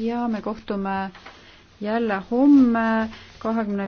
ja me kohtume jälle homme kahekümne